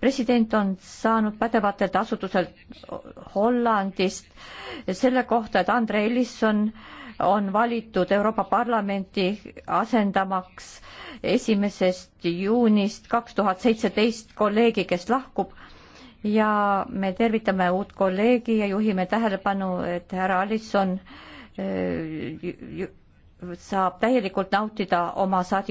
president on saanud pädevatelt asutuselt Hollandist selle kohta, et Andre Ellison on valitud Euroopa Parlamenti asendamaks esimesest juunist kaks tuhat seitseteist kolleegi, kes lahkub ja me tervitame uut kolleegi ja juhime tähelepanu, et härra Allison äh, saab täielikult nautida oma saadi